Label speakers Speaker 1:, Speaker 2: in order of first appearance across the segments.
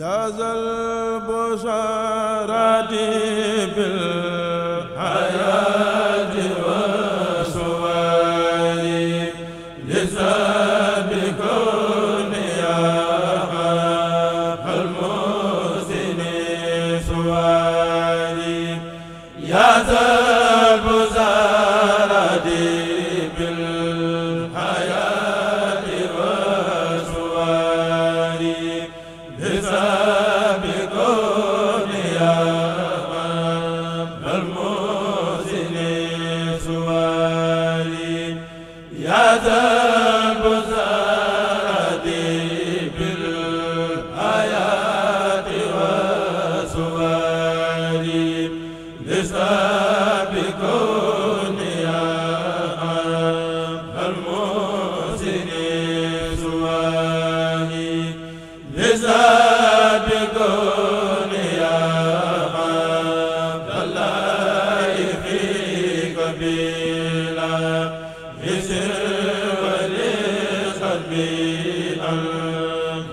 Speaker 1: yaa zal busharati bil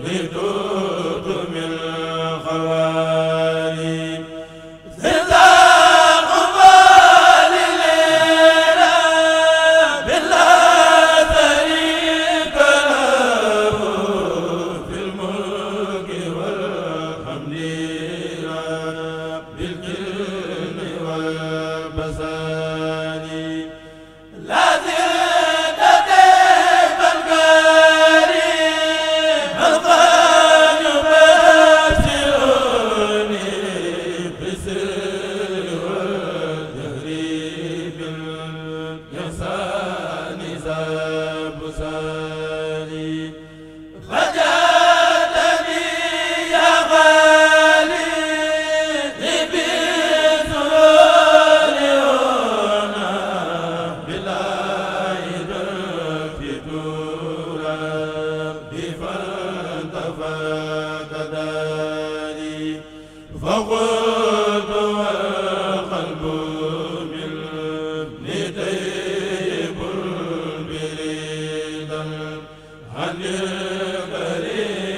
Speaker 1: bi an bari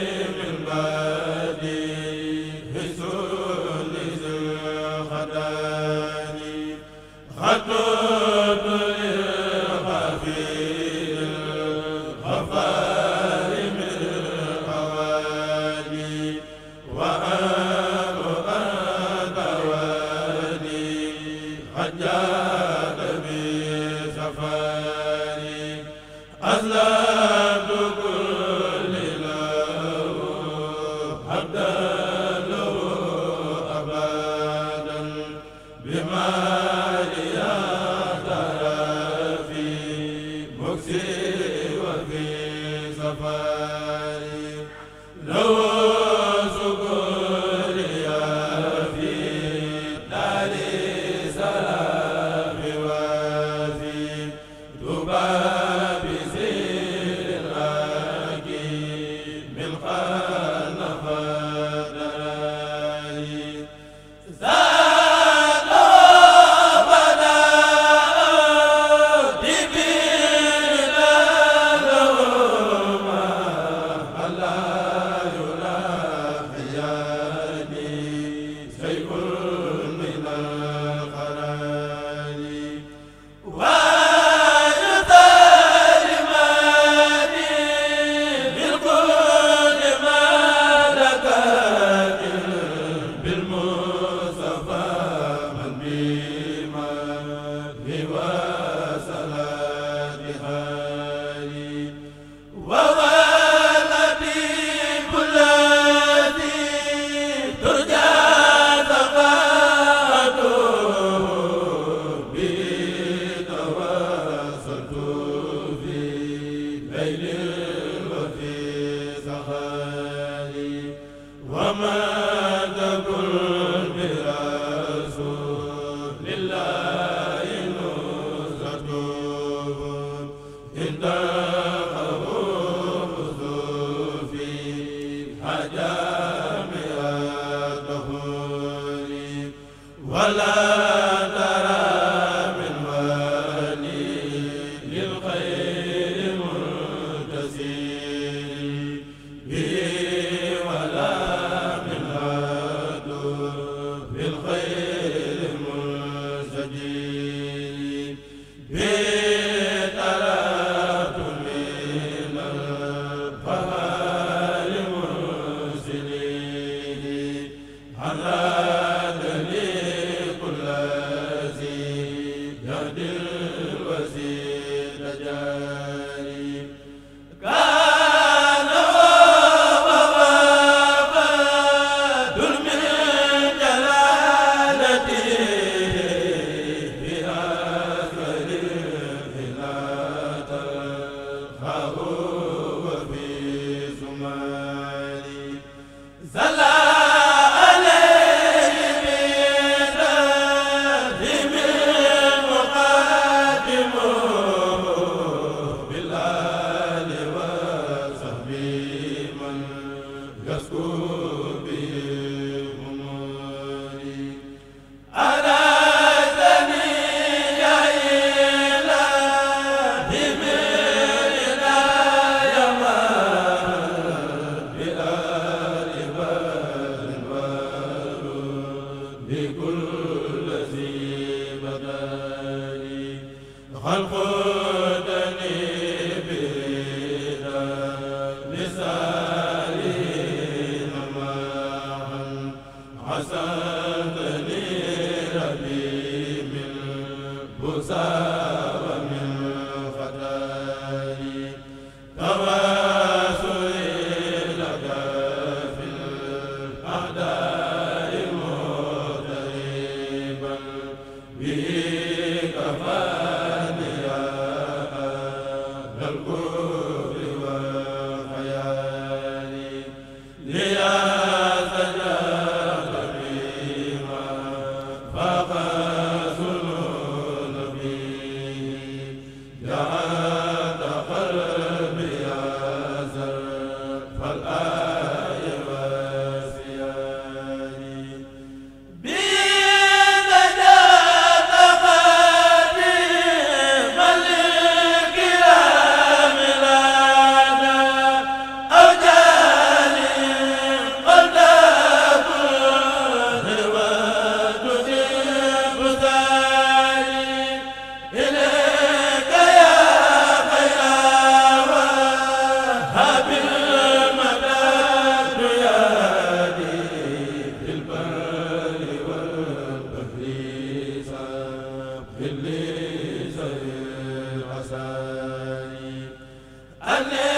Speaker 1: Allah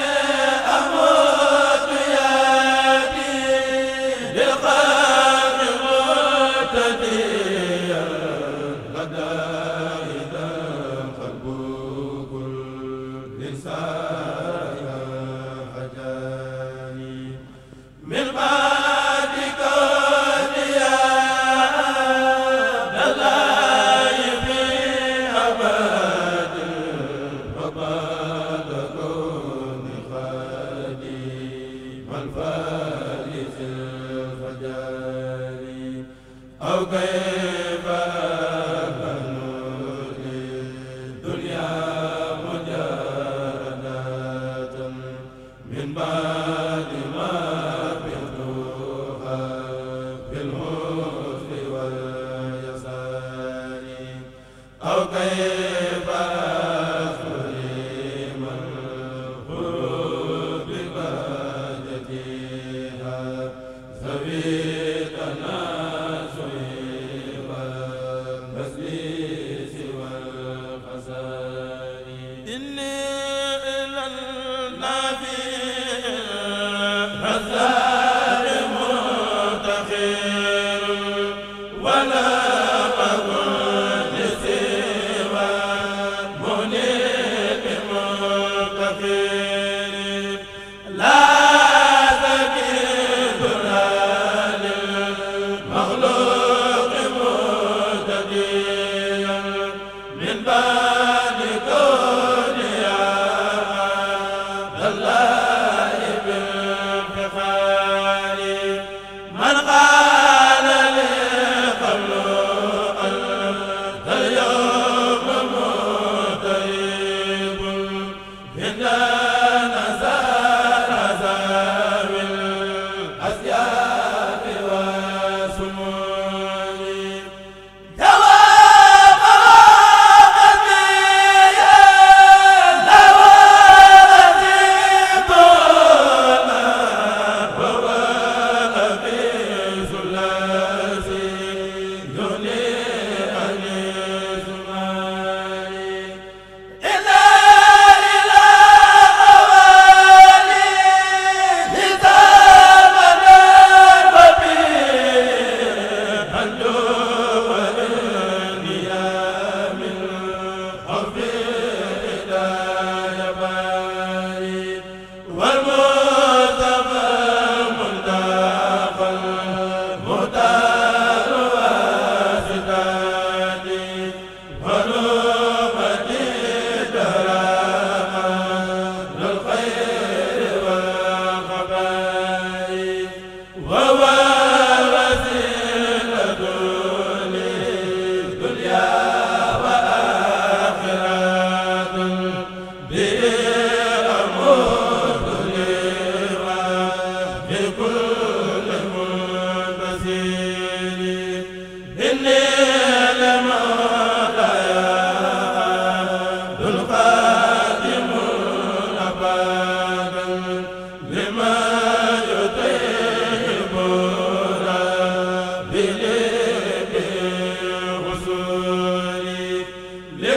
Speaker 1: aw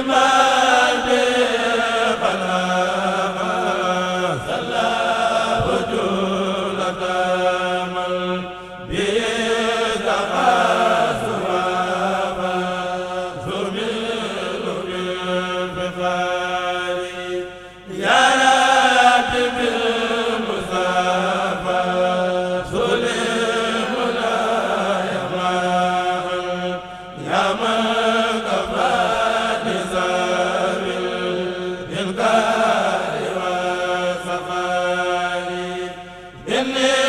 Speaker 1: ma
Speaker 2: Amen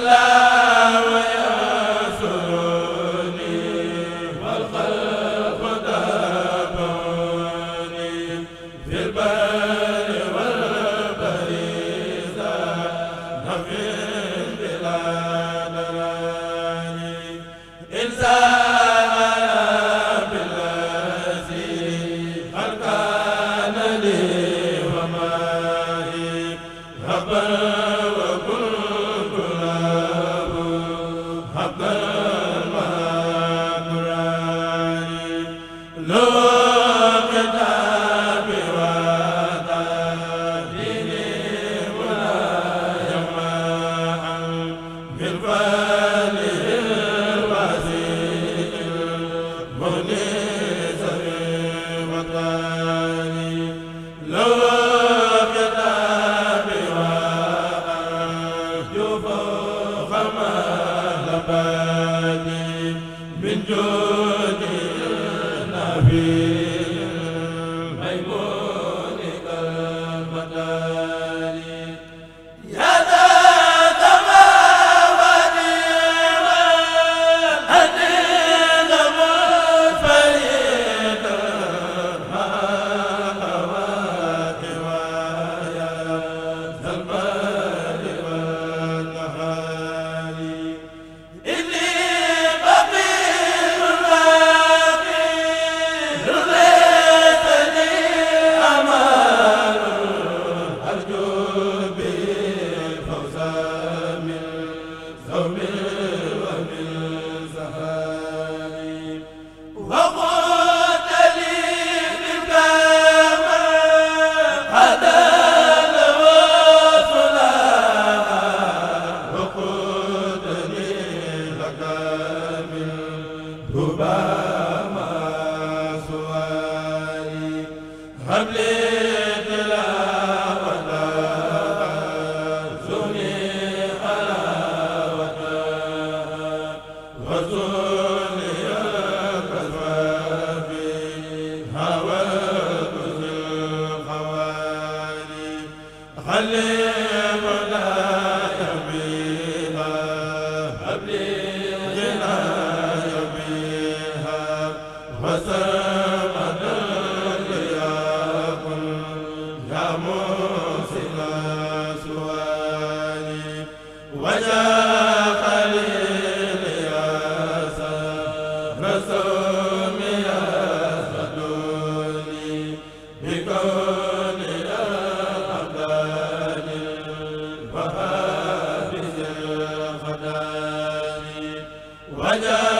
Speaker 2: wala
Speaker 1: a salli wajaa